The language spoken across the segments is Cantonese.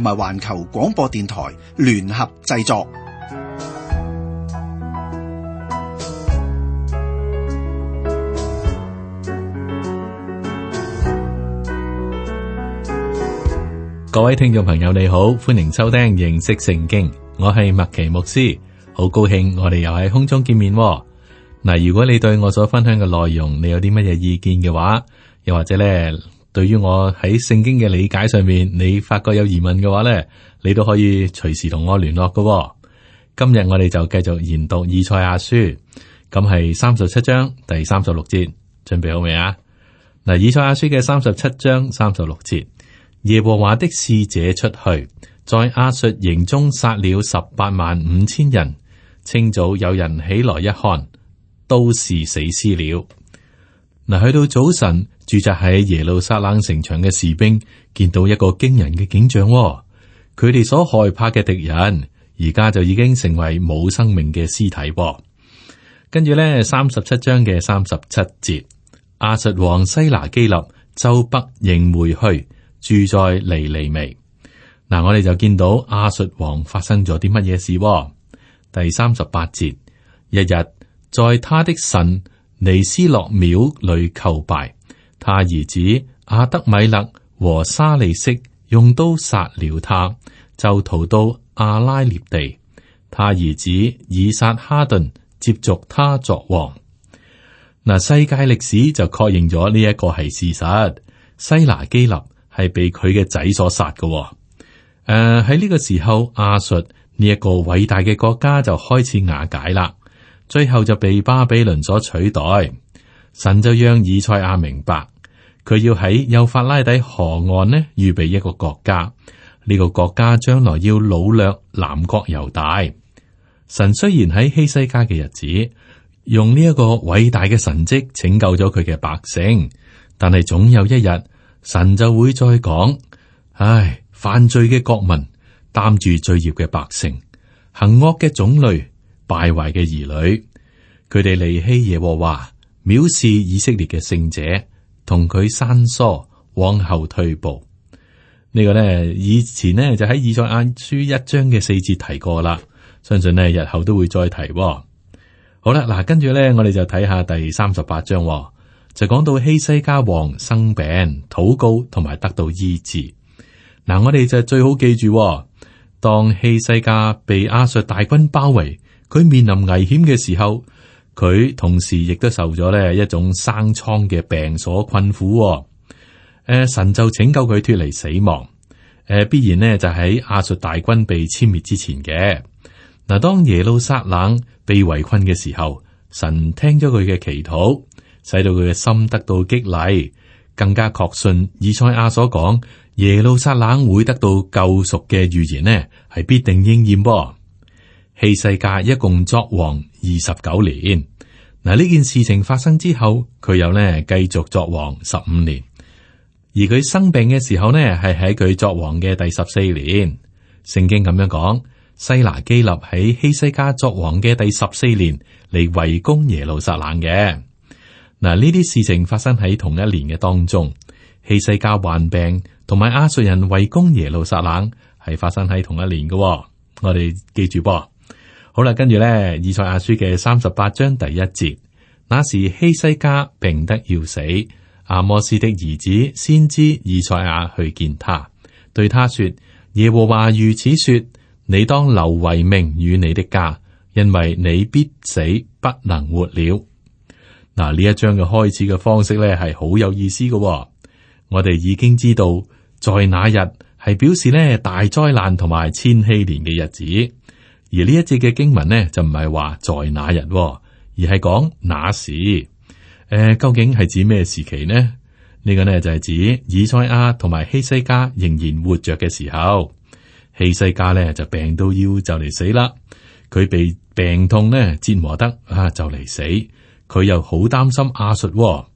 同埋環球廣播電台聯合製作。各位聽眾朋友，你好，歡迎收聽認識聖經，我係麥奇牧師，好高興我哋又喺空中見面。嗱，如果你對我所分享嘅內容，你有啲乜嘢意見嘅話，又或者咧？對於我喺聖經嘅理解上面，你發覺有疑問嘅話咧，你都可以隨時同我聯絡嘅、哦。今日我哋就繼續研讀以賽亞書，咁係三十七章第三十六節，準備好未啊？嗱，以賽亞書嘅三十七章三十六節，耶和華的使者出去，在亞述營中殺，殺了十八萬五千人。清早有人起來一看，都是死屍了。嗱，去到早晨。駐紮喺耶路撒冷城牆嘅士兵見到一個驚人嘅景象、哦，佢哋所害怕嘅敵人而家就已經成為冇生命嘅屍體、哦。跟住咧，三十七章嘅三十七節，亞述王西拿基立周北應回去，住在尼尼微。嗱，我哋就見到亞述王發生咗啲乜嘢事、哦。第三十八節，日日在他的神尼斯洛廟裏叩拜。他兒子阿德米勒和沙利色用刀殺了他，就逃到亞拉臘地。他兒子以撒哈頓接續他作王。嗱，世界歷史就確認咗呢一個係事實。西拿基立係被佢嘅仔所殺嘅。誒、呃，喺呢個時候，亞述呢一個偉大嘅國家就開始瓦解啦，最後就被巴比倫所取代。神就讓以賽亞明白。佢要喺幼法拉底河岸呢，預備一個國家。呢、這個國家將來要擄掠南國猶大。神雖然喺希西家嘅日子用呢一個偉大嘅神蹟拯救咗佢嘅百姓，但係總有一日神就會再講：唉，犯罪嘅國民擔住罪孽嘅百姓，行惡嘅種類敗壞嘅兒女，佢哋離棄耶和華，藐視以色列嘅聖者。同佢生疏，往後退步。呢、這個呢，以前呢，就喺《以賽亞書》一章嘅四節提過啦。相信呢，日後都會再提、哦。好啦，嗱，跟住咧，我哋就睇下第三十八章、哦，就講到希西家王生病，禱告同埋得到醫治。嗱，我哋就最好記住、哦，當希西家被亞述大軍包圍，佢面臨危險嘅時候。佢同時亦都受咗咧一種生瘡嘅病所困苦、哦，誒、啊，神就拯救佢脫離死亡，誒、啊，必然呢就喺亞述大軍被殲滅之前嘅。嗱、啊，當耶路撒冷被圍困嘅時候，神聽咗佢嘅祈禱，使到佢嘅心得到激勵，更加確信以賽亞所講耶路撒冷會得到救贖嘅預言呢係必定應驗噃、哦。希西家一共作王二十九年。嗱，呢件事情發生之後，佢又呢繼續作王十五年。而佢生病嘅時候呢，係喺佢作王嘅第十四年。聖經咁樣講，西拿基立喺希西家作王嘅第十四年嚟圍攻耶路撒冷嘅。嗱，呢啲事情發生喺同一年嘅當中，希西家患病，同埋亞述人圍攻耶路撒冷，係發生喺同一年嘅、哦。我哋記住噃。好啦，跟住咧，以賽亞書嘅三十八章第一節，那時希西家病得要死，阿摩斯的兒子先知以賽亞去見他，對他說：耶和華如此說，你當留遺命與你的家，因為你必死，不能活了。嗱，呢一章嘅開始嘅方式咧，係好有意思嘅，哦。我哋已經知道，在那日係表示呢大災難同埋千禧年嘅日子。而呢一節嘅經文呢，就唔係話在那日、哦，而係講那時。誒、呃，究竟係指咩時期呢？呢、這個呢就係、是、指以賽亞同埋希西家仍然活着嘅時候。希西家呢就病到要就嚟死啦，佢被病痛呢折磨得啊就嚟死，佢又好擔心亞述、哦。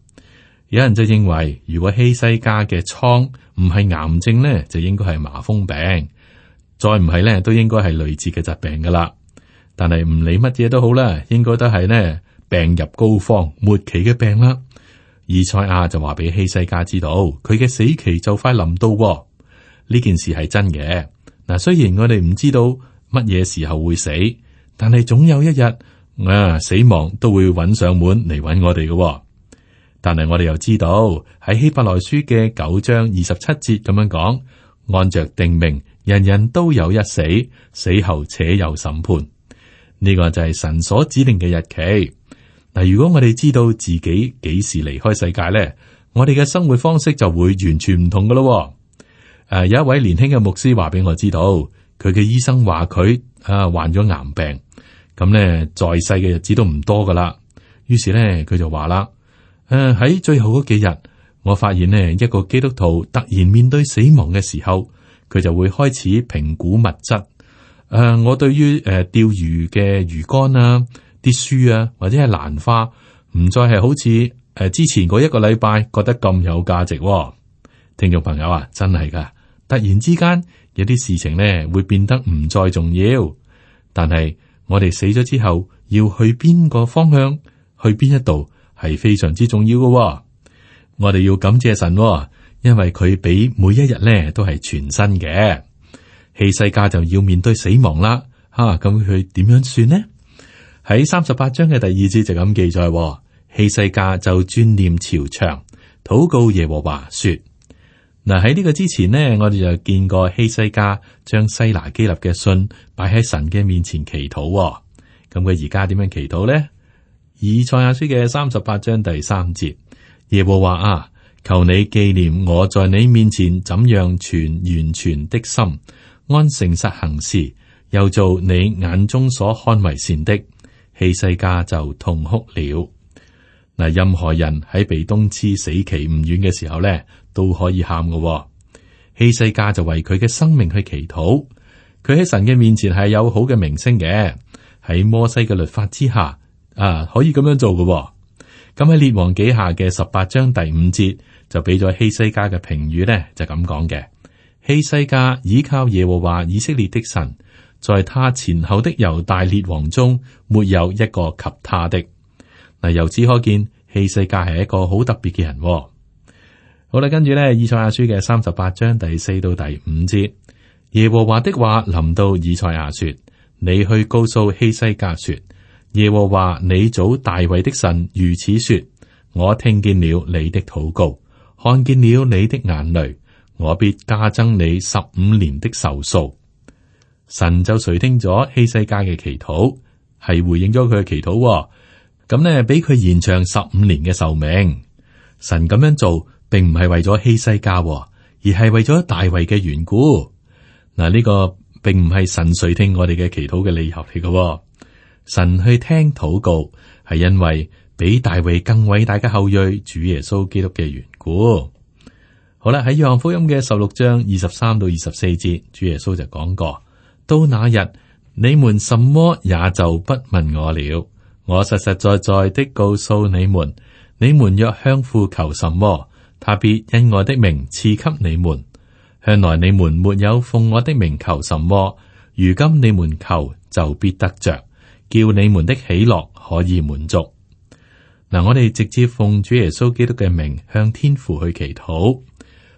有人就認為，如果希西家嘅瘡唔係癌症呢，就應該係麻風病。再唔係咧，都應該係類似嘅疾病噶啦。但係唔理乜嘢都好啦，應該都係呢病入膏肓，末期嘅病啦。以賽亞就話俾希西家知道，佢嘅死期就快臨到、哦。呢件事係真嘅嗱。雖然我哋唔知道乜嘢時候會死，但係總有一日啊，死亡都會搵上門嚟搵我哋嘅、哦。但係我哋又知道喺希伯來書嘅九章二十七節咁樣講，按着定命，人人都有一死，死後且有審判。呢個就係神所指定嘅日期。嗱，如果我哋知道自己幾時離開世界咧，我哋嘅生活方式就會完全唔同噶啦。誒，有一位年輕嘅牧師話俾我知道，佢嘅醫生話佢啊患咗癌病，咁咧在世嘅日子都唔多噶啦。於是咧，佢就話啦：誒，喺最後嗰幾日，我發現呢一個基督徒突然面對死亡嘅時候。佢就會開始評估物質。誒、呃，我對於誒釣魚嘅魚竿啊、啲書啊，或者係蘭花，唔再係好似誒、呃、之前嗰一個禮拜覺得咁有價值、哦。聽眾朋友啊，真係㗎，突然之間有啲事情咧會變得唔再重要。但係我哋死咗之後要去邊個方向，去邊一度係非常之重要嘅、哦。我哋要感謝神、哦。因為佢比每一日咧都係全新嘅，希西家就要面對死亡啦，吓咁佢點樣算呢？喺三十八章嘅第二節就咁記載，希西家就轉臉朝牆，禱告耶和華說：嗱喺呢個之前呢，我哋就見過希西家將西拿基立嘅信擺喺神嘅面前祈禱、哦，咁佢而家點樣祈禱呢？以賽亞書嘅三十八章第三節，耶和華啊。求你紀念我在你面前怎樣存完全的心，安誠實行事，又做你眼中所看為善的。希西家就痛哭了。嗱，任何人喺被通知死期唔遠嘅時候咧，都可以喊嘅、哦。希西家就為佢嘅生命去祈禱。佢喺神嘅面前係有好嘅名聲嘅，喺摩西嘅律法之下啊，可以咁樣做嘅、哦。咁喺列王記下嘅十八章第五節。就俾咗希西家嘅評語呢，就咁講嘅。希西家依靠耶和華以色列的神，在他前後的猶大列王中，沒有一個及他的。嗱，由此可見，希西家係一個好特別嘅人喎。好啦，跟住呢，以賽亞書嘅三十八章第四到第五節，耶和華的話臨到以賽亞說：你去告訴希西家說，耶和華你祖大衛的神如此說：我聽見了你的禱告。看見了你的眼淚，我必加增你十五年的壽數。神就垂聽咗希西家嘅祈禱，係回應咗佢嘅祈禱。咁咧，俾佢延長十五年嘅壽命。神咁樣做，並唔係為咗希西家，而係為咗大衛嘅緣故。嗱、啊，呢、這個並唔係神垂聽我哋嘅祈禱嘅理由嚟嘅。神去聽禱告，係因為，比大衛更偉大嘅後裔主耶穌基督嘅緣故，好啦。喺約翰福音嘅十六章二十三到二十四節，主耶穌就講過：到那日，你們什麼也就不問我了。我實實在在的告訴你們，你們若向父求什麼，他必因我的名賜給你們。向來你們沒有奉我的名求什麼，如今你們求就必得着，叫你們的喜樂可以滿足。嗱，我哋直接奉主耶穌基督嘅名向天父去祈禱，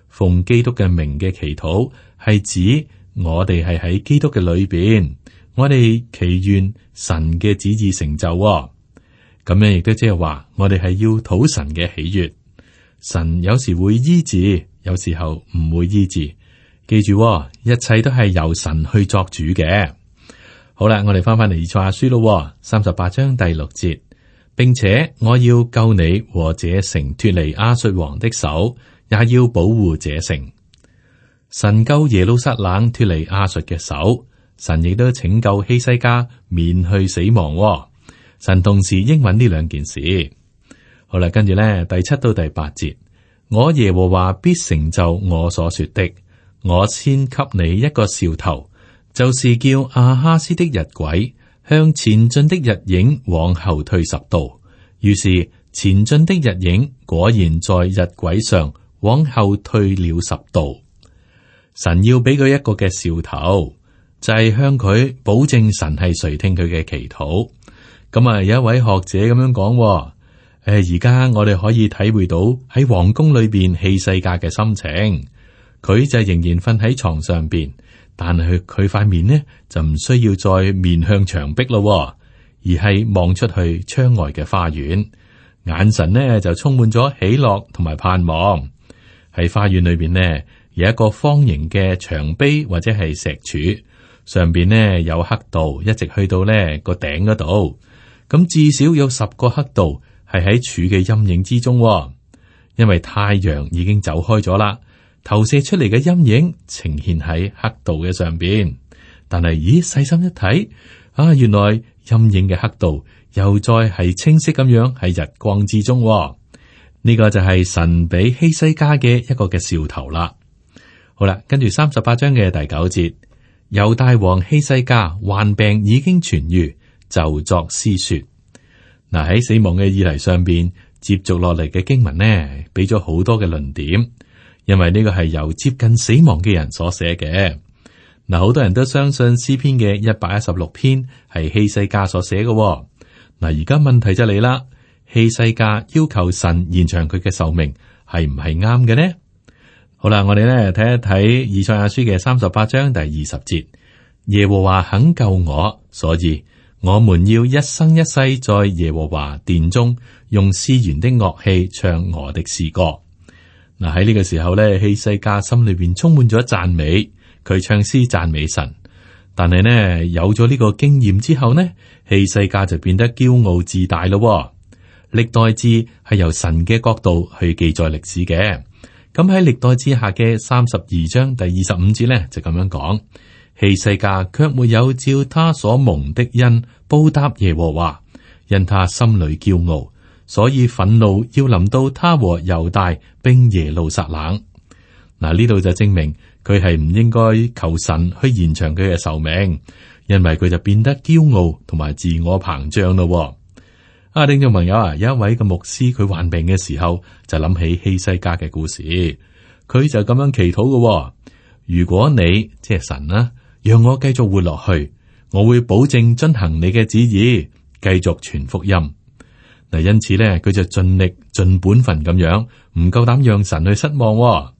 奉基督嘅名嘅祈禱係指我哋係喺基督嘅裏邊，我哋祈願神嘅旨意成就，哦。咁樣亦都即係話，我哋係要討神嘅喜悅。神有時會醫治，有時候唔會醫治。記住，哦，一切都係由神去作主嘅。好啦，我哋翻翻嚟《以賽亞書》咯，三十八章第六節。並且我要救你和這城脫離亞述王的手，也要保護這城。神救耶路撒冷脫離亞述嘅手，神亦都拯救希西家免去死亡，哦。神同時應允呢兩件事。好啦，跟住咧第七到第八節，我耶和華必成就我所說的。我先給你一個兆頭，就是叫亞哈斯的日晷，向前進的日影往後退十度，於是前進的日影果然在日軌上往後退了十度。神要俾佢一個嘅兆頭，就係、是、向佢保證神係垂聽佢嘅祈禱。咁啊，有一位學者咁樣講，誒，而家我哋可以體會到喺皇宮裏邊希西家嘅心情。佢就仍然瞓喺床上邊。但係佢佢塊面呢就唔需要再面向牆壁咯，而係望出去窗外嘅花園，眼神呢就充滿咗喜樂同埋盼望。喺花園裏邊呢有一個方形嘅牆碑或者係石柱，上邊呢有黑道一直去到呢個頂嗰度，咁至少有十個黑道係喺柱嘅陰影之中，因為太陽已經走開咗啦。投射出嚟嘅陰影呈現喺黑道嘅上邊，但係咦，細心一睇啊，原來陰影嘅黑道又再係清晰咁樣喺日光之中，哦。呢、這個就係神俾希西家嘅一個嘅兆頭啦。好啦，跟住三十八章嘅第九節，猶大王希西家患病已經痊愈，就作詩說嗱喺，啊、死亡嘅議題上邊，接續落嚟嘅經文呢，俾咗好多嘅論點。因為呢個係由接近死亡嘅人所寫嘅，嗱，好多人都相信詩篇嘅一百一十六篇係希西家所寫嘅、哦。嗱，而家問題就嚟啦，希西家要求神延長佢嘅壽命，係唔係啱嘅呢？好啦，我哋咧睇一睇以賽亞書嘅三十八章第二十節，耶和華肯救我，所以我們要一生一世在耶和華殿中，用絲弦的樂器唱我的詩歌。嗱喺呢個時候咧，希西家心裏邊充滿咗讚美，佢唱詩讚美神。但係呢，有咗呢個經驗之後呢，希西家就變得驕傲自大咯。歷代志係由神嘅角度去記載歷史嘅。咁喺歷代志下嘅三十二章第二十五節呢，就咁樣講：希西家卻沒有照他所蒙的恩報答耶和華，因他心裏驕傲。所以憤怒要臨到他和猶大並耶路撒冷。嗱，呢、啊、度就證明佢係唔應該求神去延長佢嘅壽命，因為佢就變得驕傲同埋自我膨脹咯、哦。啊，聽眾朋友啊，有一位嘅牧師佢患病嘅時候就諗起希西家嘅故事，佢就咁樣祈禱嘅、哦。如果你即係神啦、啊，讓我繼續活落去，我會保證遵行你嘅旨意，繼續傳福音。嗱，因此咧，佢就盡力盡本份咁樣，唔夠膽讓神去失望、哦。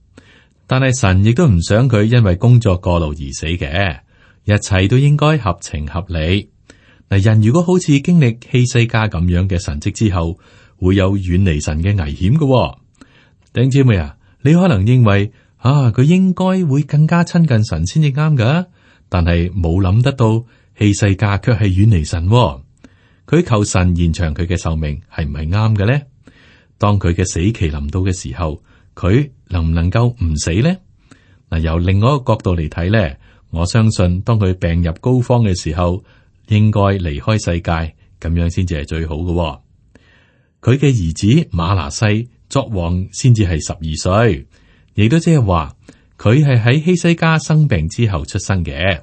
但係神亦都唔想佢因為工作過勞而死嘅，一切都應該合情合理。嗱，人如果好似經歷希西家咁樣嘅神蹟之後，會有遠離神嘅危險嘅、哦。頂姐妹啊，你可能認為啊，佢應該會更加親近神先至啱噶，但係冇諗得到希西家卻係遠離神、哦。佢求神延長佢嘅壽命係唔係啱嘅咧？當佢嘅死期臨到嘅時候，佢能唔能夠唔死呢？嗱，由另外一個角度嚟睇咧，我相信當佢病入膏肓嘅時候，應該離開世界，咁樣先至係最好嘅。佢嘅兒子馬拿西作王先至係十二歲，亦都即係話佢係喺希西家生病之後出生嘅，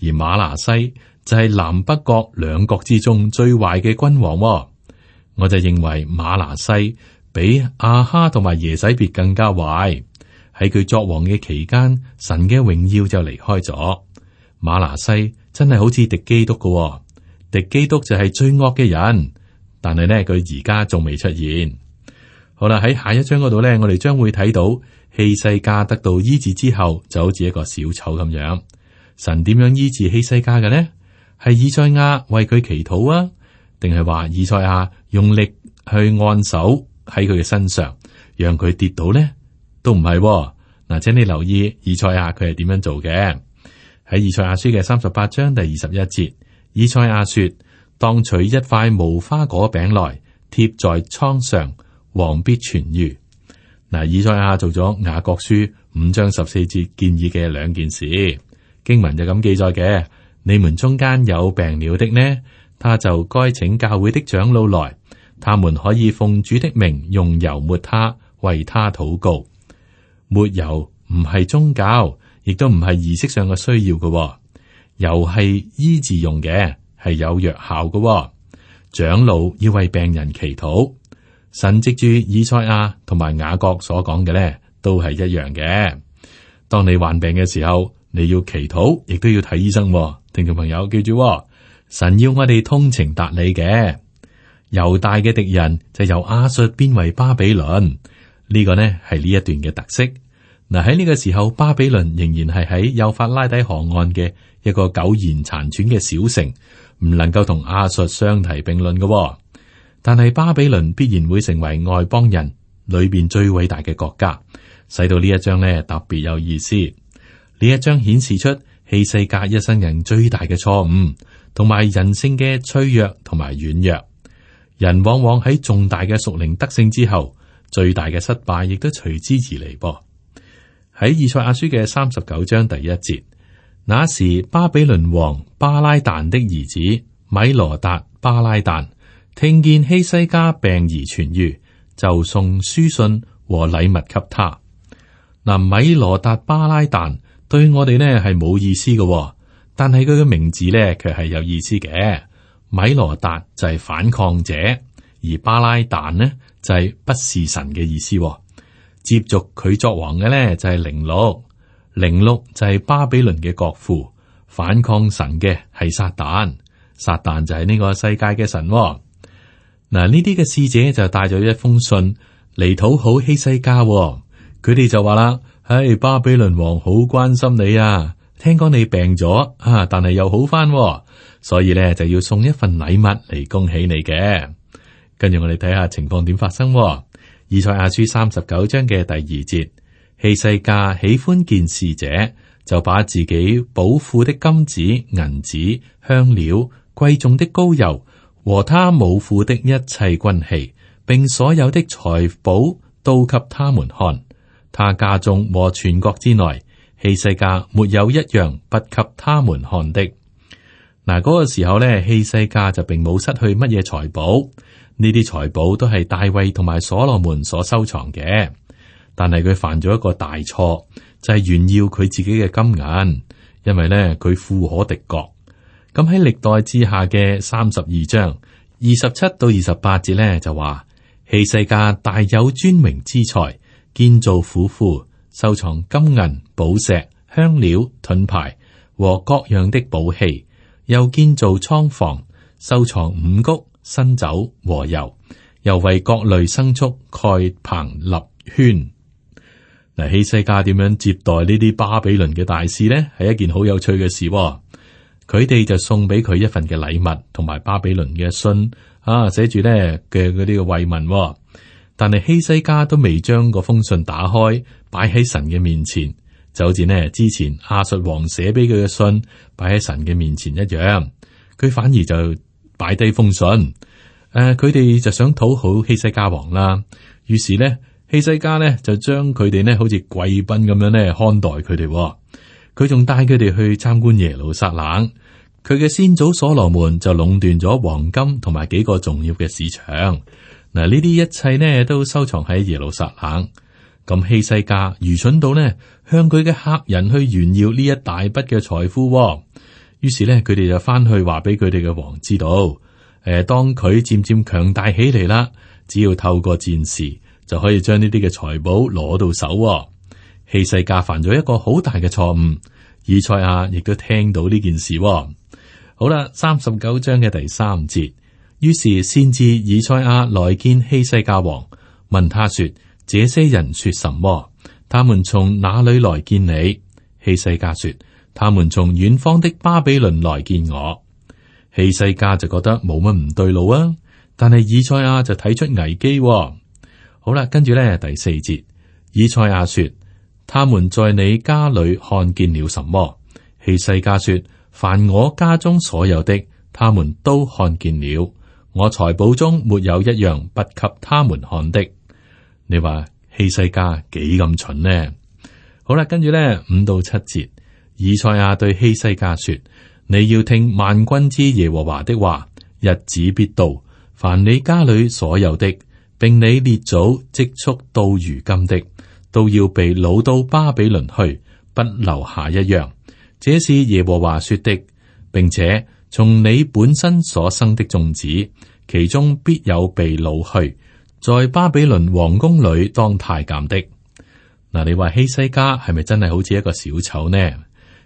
而馬拿西。就係南北國兩國之中最壞嘅君王。哦，我就認為馬拿西比阿哈同埋耶洗別更加壞。喺佢作王嘅期間，神嘅榮耀就離開咗。馬拿西真係好似敵基督噶。哦，敵基督就係最惡嘅人。但係呢，佢而家仲未出現。好啦，喺下一章嗰度呢，我哋將會睇到希西家得到醫治之後，就好似一個小丑咁樣。神點樣醫治希西家嘅呢？係以賽亞為佢祈禱啊，定係話以賽亞用力去按手喺佢嘅身上，讓佢跌倒呢？都唔係。嗱，請你留意以賽亞佢係點樣做嘅。喺以賽亞書嘅三十八章第二十一節，以賽亞說：當取一塊無花果餅來貼在瘡上，王必痊愈。嗱，以賽亞做咗雅各書五章十四節建議嘅兩件事，經文就咁記載嘅。你們中間有病了的呢，他就該請教會的長老來，他們可以奉主的名用油抹他，為他禱告。抹油唔係宗教，亦都唔係儀式上嘅需要嘅。油係醫治用嘅，係有藥效嘅。長老要為病人祈禱。神藉住以賽亞同埋雅各所講嘅咧，都係一樣嘅。當你患病嘅時候，你要祈禱，亦都要睇醫生。聽眾朋友記住，神要我哋通情達理嘅猶大嘅敵人就由亞述變為巴比倫，呢、呢個呢係呢一段嘅特色。嗱喺呢個時候，巴比倫仍然係喺幼發拉底河岸嘅一個苟延殘喘嘅小城，唔能夠同亞述相提並論嘅。但係巴比倫必然會成為外邦人裏邊最偉大嘅國家。使到呢一張呢特別有意思，呢一張顯示出。希西家一生人最大嘅錯誤，同埋人性嘅脆弱同埋軟弱。人往往喺重大嘅屬靈得勝之後，最大嘅失敗亦都隨之而嚟噃。喺以賽亞書嘅三十九章第一節，那時巴比倫王巴拉旦的兒子米羅達巴拉旦聽見希西家病而痊愈，就送書信和禮物給他。嗱，米羅達巴拉旦。對我哋呢係冇意思嘅、哦，但係佢嘅名字呢，卻係有意思嘅。米羅達就係反抗者，而巴拉旦呢就係、是、不是神嘅意思、哦。接續佢作王嘅呢，就係、是、零六，零六就係巴比倫嘅國父。反抗神嘅係撒旦，撒旦就係呢個世界嘅神、哦。嗱，呢啲嘅使者就帶咗一封信嚟討好希西家、哦，佢哋就話啦。唉，hey, 巴比倫王好關心你啊！聽講你病咗，哈、啊，但係又好翻、哦，所以咧就要送一份禮物嚟恭喜你嘅。跟住我哋睇下情況點發生、哦。以賽亞書三十九章嘅第二節，希西家喜歡見使者，就把自己寶庫的金子、銀子、香料、貴重的膏油和他武庫的一切軍器，並所有的財寶都給他們看。他家中和全國之內，希西家沒有一樣不給他們看的。嗱，嗰個時候咧，希西家就並冇失去乜嘢財寶，呢啲財寶都係大衛同埋所羅門所收藏嘅。但係佢犯咗一個大錯，就係、是、炫耀佢自己嘅金銀，因為咧佢富可敵國。咁喺歷代志下嘅三十二章二十七到二十八節咧，節就話希西家大有尊名之財。建造府庫，收藏金銀、寶石、香料、盾牌和各樣的寶器；又建造倉房，收藏五穀、新酒和油；又為各類牲畜蓋棚立圈。嗱、啊，希西家點樣接待呢啲巴比倫嘅大使呢？係一件好有趣嘅事，哦。佢哋就送俾佢一份嘅禮物，同埋巴比倫嘅信，啊，寫住咧嘅嗰啲嘅慰問。但係希西家都未將個封信打開，擺喺神嘅面前，就好似呢之前亞述王寫俾佢嘅信擺喺神嘅面前一樣。佢反而就擺低封信，誒、呃，佢哋就想討好希西家王啦。於是呢，希西家呢就將佢哋呢好似貴賓咁樣呢看待佢哋。佢仲帶佢哋去參觀耶路撒冷。佢嘅先祖所羅門就壟斷咗黃金同埋幾個重要嘅市場。嗱，呢啲一切呢都收藏喺耶路撒冷。咁希西家愚蠢到呢，向佢嘅客人去炫耀呢一大筆嘅財富、哦。於是呢，佢哋就翻去話俾佢哋嘅王知道。誒、呃，當佢漸漸強大起嚟啦，只要透過戰事就可以將呢啲嘅財寶攞到手、哦。希西家犯咗一個好大嘅錯誤。以賽亞亦都聽到呢件事、哦。好啦，三十九章嘅第三節。於是先至以賽亞來見希西家王，問他說：這些人說什麼？他們從哪裏來見你？希西家說：他們從遠方的巴比倫來見我。希西家就覺得冇乜唔對路啊，但係以賽亞就睇出危機喎。好啦，跟住咧第四節，以賽亞說：他們在你家裏看見了什麼？希西家說：凡我家中所有的，他們都看見了。我財寶中沒有一樣不給他們看的。你話希西家幾咁蠢呢？好啦，跟住咧五到七節，以賽亞對希西家說：你要聽萬軍之耶和華的話，日子必到，凡你家裏所有的，並你列祖積蓄到如今的，都要被擄到巴比倫去，不留下一樣。這是耶和華說的，並且。從你本身所生的種子，其中必有被擄去，在巴比倫王宮裏當太監的。嗱、啊，你話希西家係咪真係好似一個小丑呢？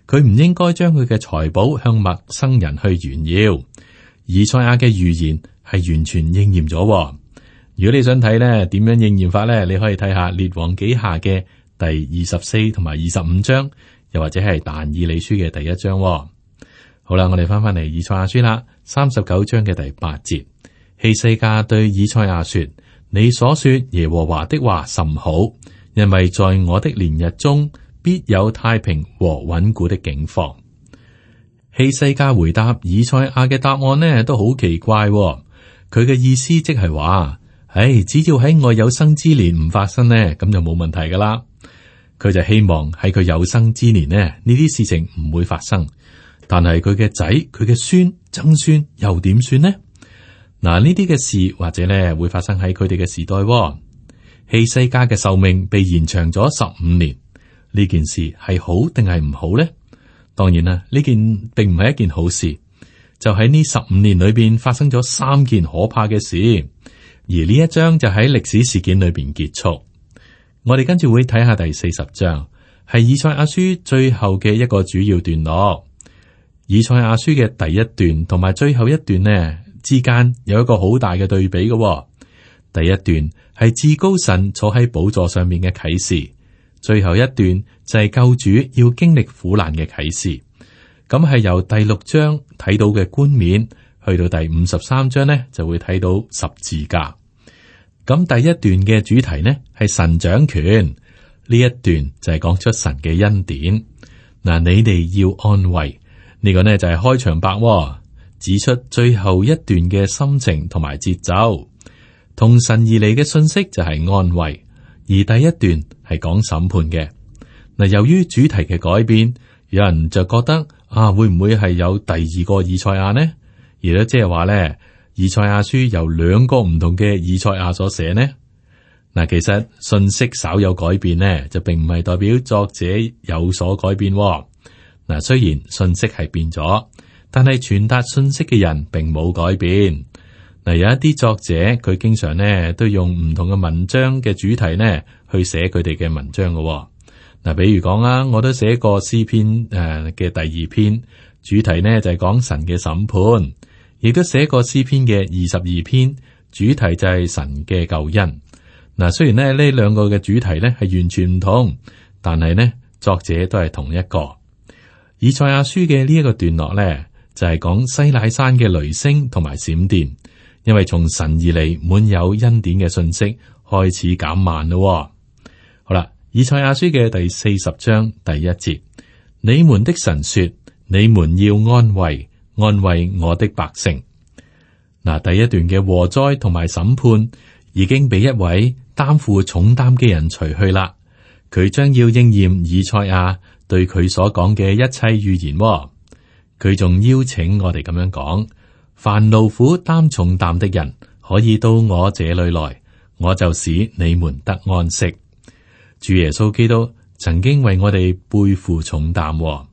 佢唔應該將佢嘅財寶向陌生人去炫耀。以賽亞嘅預言係完全應驗咗。如果你想睇呢點樣應驗法呢？你可以睇下列王紀下嘅第二十四同埋二十五章，又或者係但以理書嘅第一章、哦。好啦，我哋翻返嚟以賽亞書啦，三十九章嘅第八節，希西家對以賽亞說：你所說耶和華的話甚好，因為在我的年日中必有太平和穩固的境況。希西家回答以賽亞嘅答案呢都好奇怪、哦，佢嘅意思即係話，唉、哎，只要喺我有生之年唔發生呢，咁就冇問題噶啦。佢就希望喺佢有生之年呢，呢啲事情唔會發生。但係佢嘅仔、佢嘅孫、曾孫又點算呢？嗱，呢啲嘅事或者咧會發生喺佢哋嘅時代喎。希西家嘅壽命被延長咗十五年，呢件事係好定係唔好呢？當然啦，呢件並唔係一件好事。就喺呢十五年裏邊發生咗三件可怕嘅事，而呢一章就喺歷史事件裏邊結束。我哋跟住會睇下第四十章，係以賽亞書最後嘅一個主要段落。以賽亞書嘅第一段同埋最後一段呢，之間有一個好大嘅對比嘅，哦。第一段係至高神坐喺寶座上面嘅啟示，最後一段就係救主要經歷苦難嘅啟示。咁係由第六章睇到嘅冠冕，去到第五十三章呢就會睇到十字架。咁第一段嘅主題呢係神掌權，呢一段就係講出神嘅恩典。嗱，你哋要安慰。呢個呢就係開場白，哦，指出最後一段嘅心情同埋節奏，同神而嚟嘅信息就係安慰，而第一段係講審判嘅。嗱，由於主題嘅改變，有人就覺得啊，會唔會係有第二個以賽亞呢？而咧即係話咧，以賽亞書由兩個唔同嘅以賽亞所寫呢？嗱，其實信息稍有改變呢，就並唔係代表作者有所改變，哦。嗱，雖然信息係變咗，但係傳達信息嘅人並冇改變。嗱、啊，有一啲作者佢經常咧都用唔同嘅文章嘅主題咧去寫佢哋嘅文章噶、哦。嗱、啊，比如講啊，我都寫過詩篇誒嘅、呃、第二篇主題呢就係、是、講神嘅審判，亦都寫過詩篇嘅二十二篇主題就係神嘅救恩。嗱、啊，雖然咧呢兩個嘅主題咧係完全唔同，但係呢作者都係同一個。以賽亞書嘅呢一個段落呢，就係、是、講西乃山嘅雷聲同埋閃電，因為從神而嚟滿有恩典嘅訊息開始減慢咯、哦。好啦，以賽亞書嘅第四十章第一節，你們的神說：你們要安慰，安慰我的百姓。嗱，第一段嘅禍災同埋審判已經畀一位擔負重擔嘅人除去啦，佢將要應驗以賽亞。對佢所講嘅一切預言，哦，佢仲邀請我哋咁樣講：凡勞苦擔重擔的人，可以到我這裏來，我就使你們得安息。主耶穌基督曾經為我哋背負重擔，哦，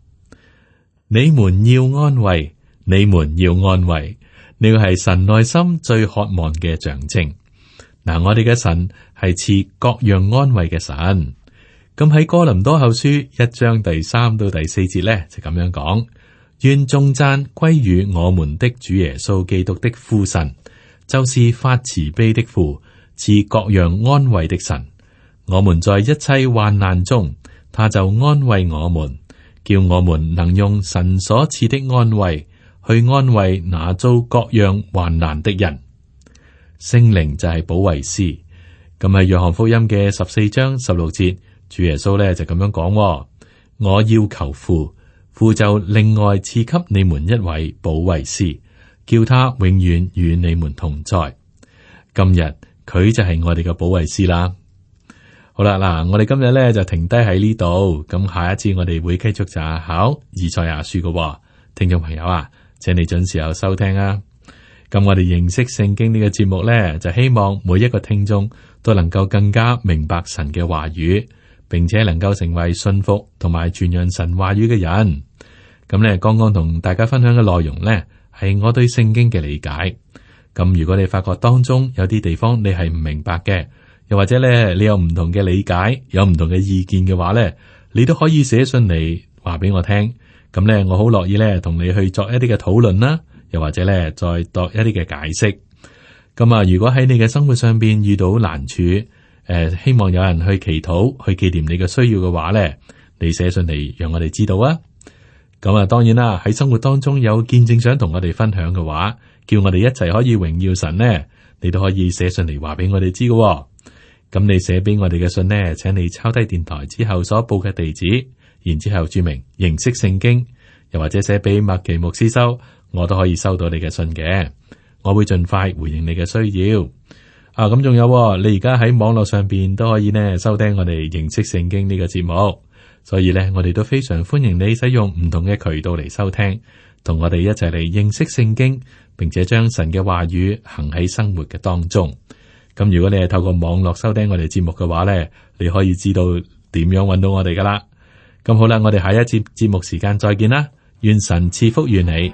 你們要安慰，你們要安慰，呢個係神內心最渴望嘅象徵。嗱，我哋嘅神係賜各樣安慰嘅神。咁喺哥林多後書一章第三到第四節咧，就咁樣講：願眾讚歸與我們的主耶穌基督的父神，就是發慈悲的父，賜各樣安慰的神。我們在一切患難中，他就安慰我們，叫我們能用神所賜的安慰去安慰那遭各樣患難的人。聖靈就係保惠師。咁係約翰福音嘅十四章十六節。主耶穌咧就咁樣講，哦，我要求父，父就另外賜給你們一位保惠師，叫他永遠與你們同在。今日佢就係我哋嘅保惠師啦。好啦，嗱，我哋今日咧就停低喺呢度，咁下一次我哋會繼續查考以賽亞書嘅，哦。聽眾朋友啊，請你準時有收聽啊。咁我哋認識聖經呢，這個節目咧，就希望每一個聽眾都能夠更加明白神嘅話語。並且能夠成為信服同埋傳揚神話語嘅人，咁咧剛剛同大家分享嘅內容呢，係我對聖經嘅理解。咁如果你發覺當中有啲地方你係唔明白嘅，又或者咧你有唔同嘅理解，有唔同嘅意見嘅話呢，你都可以寫信嚟話俾我聽。咁咧我好樂意咧同你去作一啲嘅討論啦，又或者咧再作一啲嘅解釋。咁啊，如果喺你嘅生活上邊遇到難處。誒，希望有人去祈禱、去紀念你嘅需要嘅話呢，你寫信嚟讓我哋知道啊。咁啊，當然啦，喺生活當中有見證想同我哋分享嘅話，叫我哋一齊可以榮耀神呢，你都可以寫信嚟話俾我哋知嘅。咁你寫俾我哋嘅信呢，請你抄低電台之後所報嘅地址，然之後注明認識聖經，又或者寫俾麥奇牧師收，我都可以收到你嘅信嘅，我會盡快回應你嘅需要。啊，咁仲有喎，你而家喺網絡上邊都可以呢收聽我哋認識聖經呢個節目，所以咧我哋都非常歡迎你使用唔同嘅渠道嚟收聽，同我哋一齊嚟認識聖經，並且將神嘅話語行喺生活嘅當中。咁如果你係透過網絡收聽我哋節目嘅話呢，你可以知道點樣揾到我哋噶啦。咁好啦，我哋下一節節目時間再見啦，願神賜福於你。